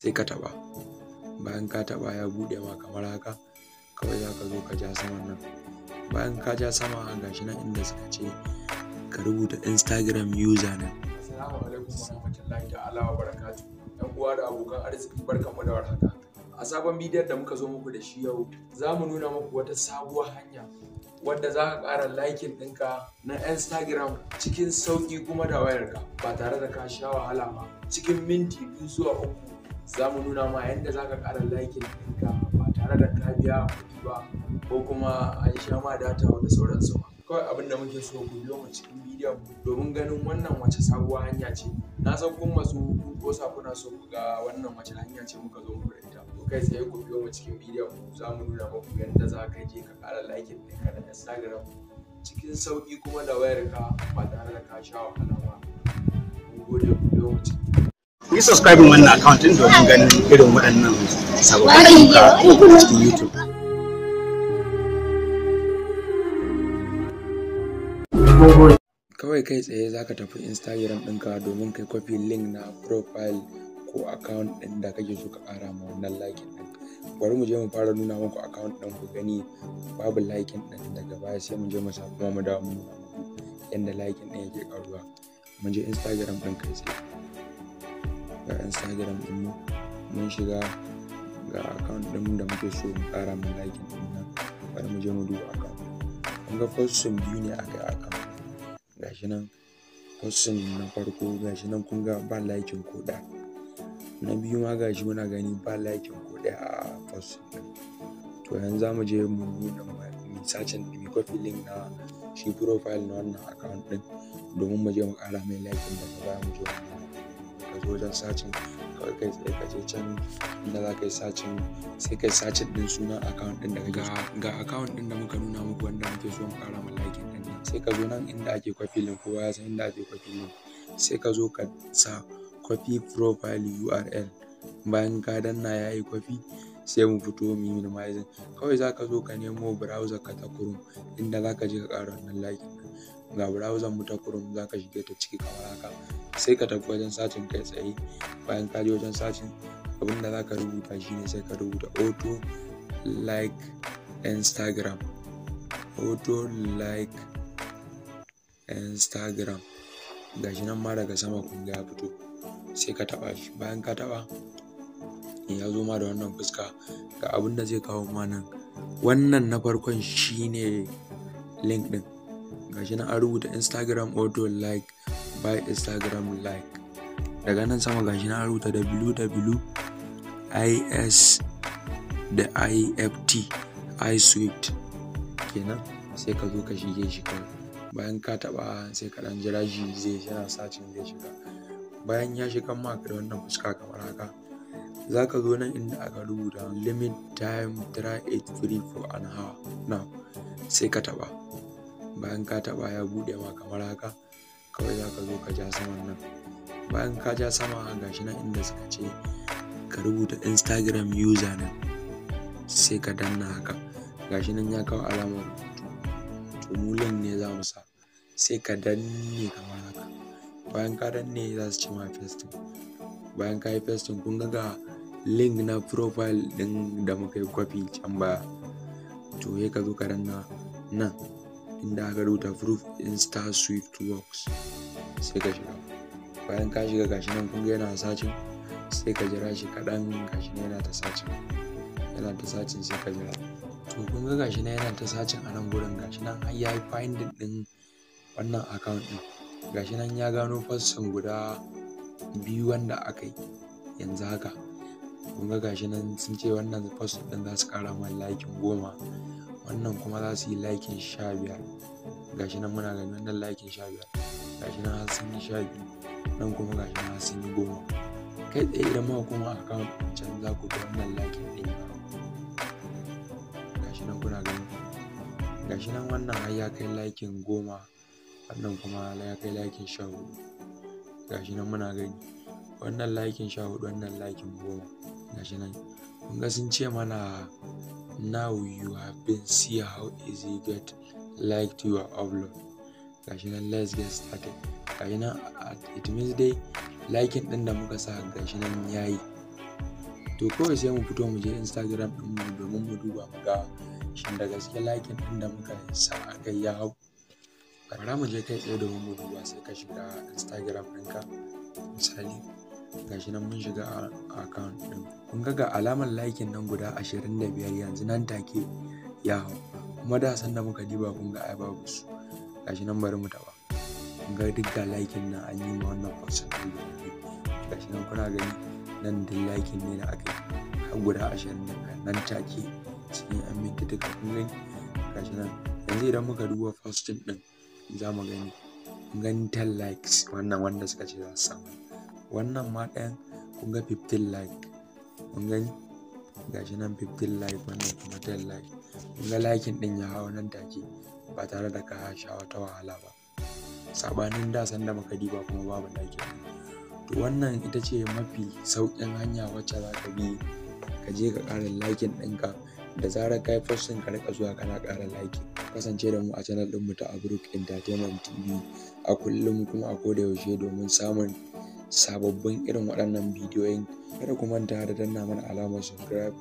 sai ka taɓa bayan ka taɓa ya buɗe ma kamar haka kawai za ka zo ka ja saman nan bayan ka ja sama ga shi nan inda suka ce ka rubuta instagram user nan da abokan arzikin a sabon bidiyon da muka zo muku da shi yau za mu nuna muku wata sabuwar hanya wadda za ka ƙara likin ɗinka na instagram cikin sauƙi kuma da wayarka ba tare da ka sha wahala ba cikin minti biyu zuwa uku za mu nuna ma yadda za ka ƙara likin ɗinka ba tare da ka ba ko kuma an sha ma data da sauransu ba kawai abin da muke so ku biyo mu cikin bidiyon domin ganin wannan wace sabuwar hanya ce na san kun masu ko kuna so ga wannan wace hanya ce muka zo mu da ita to kai sai ku biyo mu cikin bidiyon mu za mu nuna muku yadda za ka je ka kara likin ɗinka da instagram cikin sauki kuma da wayarka ba tare da ka sha wahala ba mun gode ku biyo mu cikin yi subscribe wannan account din domin ganin irin waɗannan sababbin ayyuka cikin YouTube. Kawai kai tsaye za ka tafi Instagram ɗinka domin kai kwafi link na profile ko account ɗin da kake so ka ƙara ma wannan like ɗin. Bari mu je mu fara nuna muku account ɗin ku gani babu like ɗin daga baya sai mu je mu samu kuma mu dawo mu yanda like ɗin yake ƙaruwa. Mu je Instagram ɗin kai tsaye. ga instagram mu mun shiga ga account ɗin da muke so mu ƙara mu like ɗin nan bari mu je mu duba ka kun ga postin biyu ne aka aka gashi nan postin na farko gashi nan kun ga ba like ko da na biyu ma gashi muna gani ba like ko da a postin to yanzu zamu mu je mu nuna mu sacin mu copy link na shi profile na wannan account ɗin domin mu je mu ƙara mai din da ba mu je mu ka zo wajen sacin kawai kai tsaye ka je can inda za ka yi sacin sai kai sacin din sunan akawun din da ga ga akawun din da muka nuna muku wanda muke so mu ƙara mu like din nan sai ka zo nan inda ake link kowa ya san inda ake link sai ka zo ka sa copy profile url bayan ka danna ya yi kwafi sai mu fito mu yi minimizing kawai za ka zo ka nemo browser ka ta chrome inda za ka je ka ƙara wannan like ga browser mu ta chrome za ka shige ta ciki kamar haka sai ka tafi wajen sacin kai tsaye bayan ka je wajen sacin abinda da za ka rubuta shine sai ka rubuta auto like instagram auto like instagram shi nan ma daga sama kun ya fito sai ka taba shi bayan ka taba ya zo ma da wannan fuska ga abin da zai kawo ma nan wannan na farkon shine link din shi nan an rubuta instagram auto like by instagram like daga nan sama gashi na rubuta www.is da ift iswift kenan sai ka zo ka shige shi kawai bayan ka taba sai ka dan jira shi zai yana sacin zai shiga bayan ya shiga ma ka da wannan fuska kamar haka za ka zo nan inda aka rubuta limit time try it free for an hour now sai ka taba bayan ka taba ya bude ma kamar haka kawai za ka zo ka ja saman nan bayan ka ja sama gashi nan inda suka ce ka rubuta instagram user nan sai ka danna haka gashi nan ya kawo alamar tumulin ne za mu sa sai ka danne kamar haka bayan ka danne za su ce ma festin bayan ka yi festin kun ga link na profile din da muka yi kwafi can baya to sai ka zo ka danna nan inda aka rubuta proof in star swift works sai ka shiga bayan ka shiga gashi nan kunga yana sacin sai ka jira shi kaɗan gashi nan yana ta sacin yana ta sacin sai ka jira to kunga gashi nan yana ta sacin a nan gurin gashi nan har ya yi finding din wannan account ɗin gashi nan ya gano fassin guda biyu wanda aka yi yanzu haka kunga gashi nan sun ce wannan fassin ɗin za su ƙara mai like goma wannan kuma za su yi laikin sha biyar ga shi nan muna ganin wannan laikin sha biyar ga shi nan har sun yi sha biyu nan kuma ga shi nan har sun yi goma kai tsaye idan ma kuma a kan can za ku ga wannan laikin ɗin ya ga shi nan kuna gani ga shi nan wannan har ya kai laikin goma wannan kuma ya kai laikin sha hudu ga shi nan muna gani wannan laikin sha hudu wannan laikin goma ga shi nan kun ga sun ce mana now you have been see how easy get liked your upload gashi nan let's get started gashi nan it means dai liking din da muka sa gashi nan yayi to kawai sai mu fito mu je instagram din mu domin mu duba mu ga shin da gaske liking din da muka sa aka ya hau bara mu je kai tsaye domin mu duba sai ka shiga instagram ɗinka misali gashi nan mun shiga a kan ɗin kun ga ga alamar likin nan guda ashirin da biyar yanzu nan take ya hau kuma da san da muka diba kun ga ai babu su gashi nan bari mu taɓa kun ga duk ga likin nan an yi ma wannan post ɗin gashi nan kuna gani nan duk likin ne da aka yi har guda ashirin da biyar nan take cikin yan duka kun gani gashi nan yanzu idan muka duba first ɗin za mu gani kun gani 10 likes wannan wanda suka ce za su samu wannan ma ɗayan kun ga 15 like kun gani gashi nan 15 like wannan kuma 10 like kun ga likin ɗin ya hau nan take ba tare da ka sha wata wahala ba sabanin da sanda muka diba kuma babu like to wannan ita ce mafi sauƙin hanya wacce za ka bi ka je ka ƙara likin ɗinka da zarar ka yi posting ka rika zuwa kana ƙara like kasance da mu a channel ɗinmu ta abruk entertainment tv a kullum kuma a koda yaushe domin samun sababbin irin waɗannan bidiyoyin kada ku manta da danna mana alamar subscribe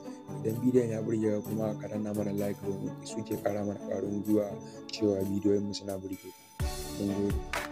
idan bidiyon ya burge ka kuma ka danna mana like domin suke ƙara mana ƙwarin gwiwa cewa bidiyoyin mu suna burge ku gode